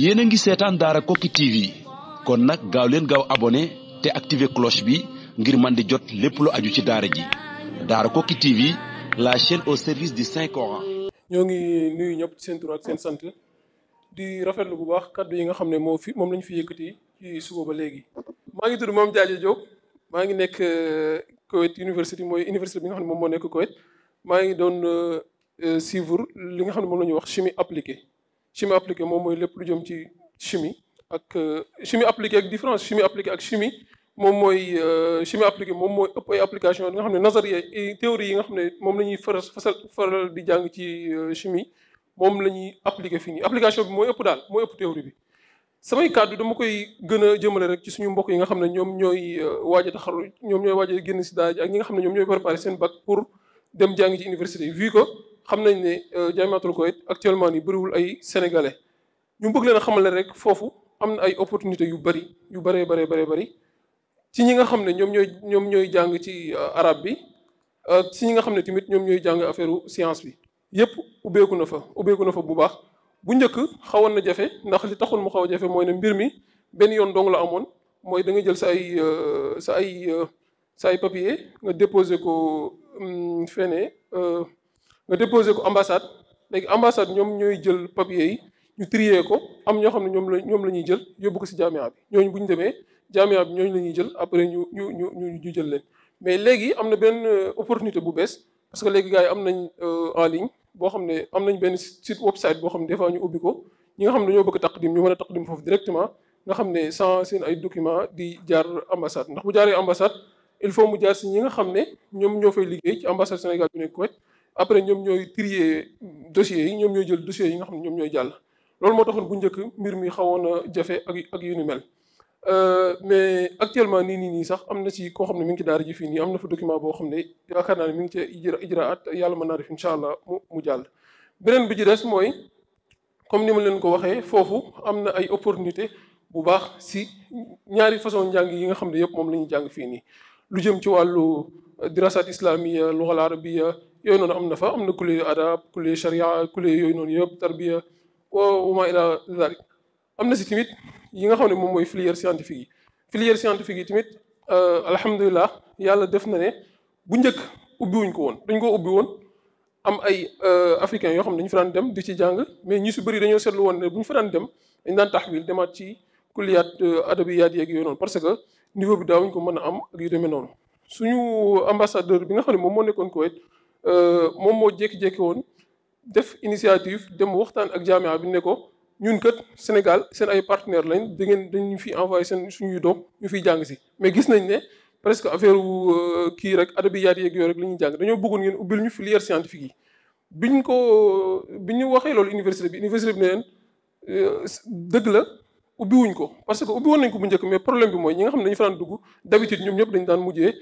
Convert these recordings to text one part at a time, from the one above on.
yéen a ngi seetaan daara Koki TV kon nag gaaw leen gaaw abone te activer cloche bi ngir man di jot lépp lu aju ci daara ji daara Koki TV la chaîne au service di cinq Coran. ñoo ngi nuyu ñëpp seen tur seen sant di rafetlu bu baax kaddu yi nga xam ne moo fi moom lañu fi yëkkati ci suba ba léegi. maa ngi tudd moom Diadio Diop maa ngi nekk euh, Koweït université mooy université bi nga xam ne moom moo nekk Koweït maa ngi doon euh, suivre li nga xam ne moom la ñuy wax chimie appliquée. chimie appliquée moom mooy lépp lu jëm ci chimie ak euh, chimie appliquée ak différence chimie appliquée ak chimie moom mooy euh, chimie appliquée moom mooy ëpp ay application nga xam ne nazariya et yi nga xam ne moom la ñuy faral faral di jàng ci euh, chimie moom la ñuy appliqué fi nii application bi mooy ëpp daal mooy ëpp théorie bi samay kàddu dama koy gën a jëmale rek ci suñu mbokk yi nga xam ne ñoom ñooy waaj a taxaru ñoom ñooy waaj a génn si daaj ak ñi nga xam ne ñoom ñooy préparé seen bac pour dem jàng ci université yi vu xam nañ ne euh, ko it actuellement ni bëriwul ay sénégalais ñu bëgg leen a xamal rek foofu am na ay opportunités yu bëri yu bëree bëree bëree bëri ci ñi nga xam ne ñoom ñooy ñoom ñooy jàng ci euh, arabe bi euh, ci ñi nga xam ne tamit ñoom ñooy jàng affaire science bi yépp ubbeeku na fa ubbeeku na fa bu baax bu njëkk xawoon na jafe ndax li taxul mu xaw a jafe mooy ne mbir mi benn yoon dong la amoon mooy da jël sa ay sa ay sa ay papier nga déposé ko hmm, fene nga déposé ko ambassade léegi ambassade ñoom ñooy jël papier yi ñu trier ko am ñoo xam ne ñoom la ñoom la ñuy jël yóbbu ko si jaamia bi ñooñu bu ñu demee jaamia bi la ñuy jël après ñu ñu ñu ñu jël leen mais léegi am na benn euh, opportunité bu bees parce que léegi gars yi am nañ euh, en ligne boo xam ne am nañ benn site website boo xam ne des fois ñu ubbi ko ñi nga xam ne ñoo bëgg taqdim ñu mën a taqdim foofu directement nga xam ne sans seen ay document di jaar ambassade ndax bu jaaree ambassade il faut mu jaar si ñi nga xam ne ñoom ñoo fay liggéey ci ambassade Sénégal bi nekk Koweït après ñoom ñooy trier dossiers yi ñoom ñooy jël dossiers yi nga xam ne ñoom ñooy jàll loolu moo taxoon bu njëkk mbir mi xawoon a jafe ak ak yu ni mel euh, mais actuellement nii nii nii sax am na si koo xam ne mu ngi ci daara ji fii nii am na fa document boo xam ne yaakaar naa ne mi ngi ci ijra ijraat yàlla mën naa def incha allah mu mu jàll beneen bi ci des mooy comme ni ma leen ko waxee foofu am na ay opportunité bu baax si ñaari façon njàng yi nga xam ne yëpp moom la ñuy jàng fii nii lu jëm ci wàllu dirasat islamiya luxal arabiya yooyu noonu am na fa am na kuliyu adab kuliyu sharia noonu yëpp tarbiya wa ma ila zalik am na si tamit yi nga xam ne moom mooy filière scientifique yi filière scientifique yi tamit euh, alhamdulilah yàlla def na ne bu njëkk ubbiwuñ ko woon dañ ko ubbi woon am ay euh, africains yoo xam ne ñu fa daan dem di ci jàng mais ñi su bëri dañoo seetlu woon ne bu ñu fa daan dem dañ daan taxawil demaat ci kulliyaat euh, adabiyaat yeeg yooyu noonu parce que niveau bi daawuñ ko mën a am ak yu demee noonu suñu ambassadeur bi nga xam ne moom moo nekkoon Koweït Euh, moom moo jékki-jékki woon def initiative dem waxtaan ak jaamia bi ne ko ñun kat Sénégal seen ay partenaires lañ da ngeen dañu fi envoyé seen suñuy doom ñu fiy jàng si mais gis nañ ne presque affaire euh, kii rek adabiyaat yeeg yooyu rek la ñuy jàng dañoo bëggoon ngeen ubbil ñu filière scientifique yi biñ ko bi ñu waxee loolu université bi université bi ne leen euh, dëgg la ubbi wuñ ko parce que ubbi woon nañ ko bu njëkk mais problème bi mooy ñi nga xam ne dañu fa daan dugg d'habitude ñoom ñëpp dañu daan mujjee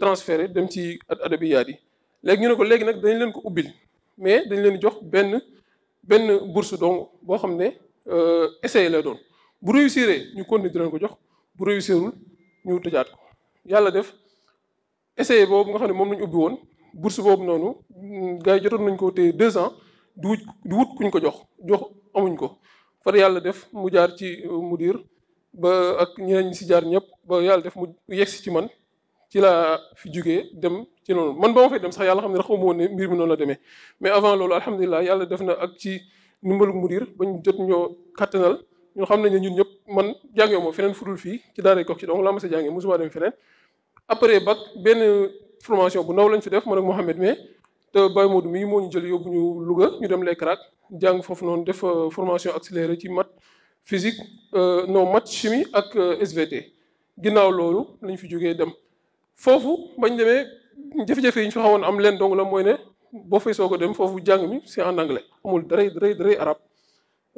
transféré dem ci adabiyaat yi léegi ñu ne ko léegi nag dañu leen ko ubbil mais dañ leen jox benn benn bourse donc boo xam ne euh, essayé lay doon bu réussir ñu continuer di leen ko jox bu réussirul ñu tëjaat ko yàlla def essayé boobu nga xam ne moom lañu ubbi woon bourse boobu noonu mm, gars jotoon nañ ko te deux ans du wut du wut kuñ ko jox jox amuñ ko far yàlla def mu jaar ci euh, mudir ba ak ñeneen ñi si jaar ñëpp ba yàlla def mu yegsi ci man ci laa fi jugee dem ci noonu man ba ma fay dem sax yàlla xam ne rek moo woon ne mbir mi noonu la demee mais avant loolu alhamdulilah yàlla def na ak ci ndimbalu ba ñu jot ñoo kattanal ñu xam nañ ne ñun ñëpp man jàngee moo feneen fudul fii ci daaray Koki donc laa mas a jàngee mosuma dem feneen après bac benn formation bu ndaw lañ fi def man ak Mohamed mais te Baye Modou mii moo ñu jël yóbbu ñu Louga ñu dem les CRAC jàng foofu noonu def euh, formation accélérée ci maths physique euh, non maths chimie ak euh, SVT ginnaaw loolu lañ fi jógee dem foofu bañ demee jafe-jafe yi ñu fa xawoon am leen donc la mooy ne boo feesoo ko a dem foofu jàng mi c'est en anglais amul daray daray daray arab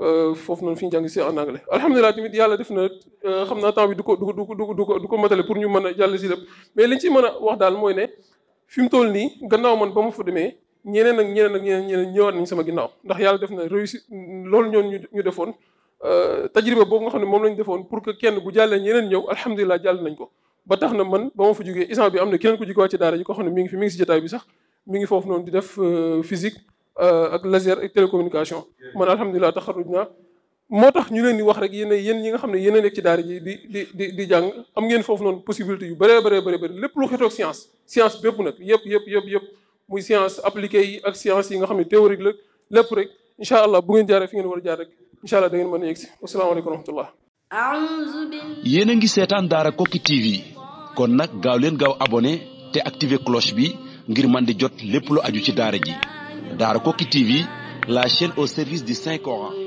euh, foofu noonu fi ñu jàng si en anglais alhamdulilah tamit yàlla def na euh, xam naa temps bi du ko du ko du ko du ko du ko matale ñu mën a jàll si lépp mais liñ ci mën a wax daal mooy ne fi mu toll nii gannaaw man ba ma fa demee ñeneen ak ñeneen ak ñeneen ñeneen ñëwaat nañ sama ginnaaw ndax yàlla def na réussite loolu ñoon ñu defoon euh, tajriba boobu nga xam ne moom lañ defoon pour que kenn bu jàllee ñeneen ñëw alhamdulilah jàll nañ ko ba tax na man ba ma fa jógee instant bi am na keneen ku jógewaat ci daara ji ko xam ne mi ngi fi mi ngi si jotaay bi sax mi ngi foofu noonu di def euh, physique euh, ak laser ak télécommunication man alhamdulilah taxaruj naa moo tax ñu leen di wax rek yéen yéen ñi nga xam ne yéen a ci daara ji di di di di jàng am ngeen foofu noonu possibilité yu bëree bëree bëri bëri lépp lu xetoog science science bépp nag yëpp yëpp yëpp yëpp muy science appliquée yi ak science yi nga xam ne théorique lépp rek incha allah bu ngeen jaaree fi ngeen war a jaar rek incha allah da ngeen mën a yegsi wasalaamaaleykum wa rahmatullah yéen a ngi seetaan daara Koki kon nag gaaw leen gaaw abonné te activer cloche bi ngir man di jot lépp lu aju ci daara ji daara Daarakoki TV la chaîne au service di Saint Coran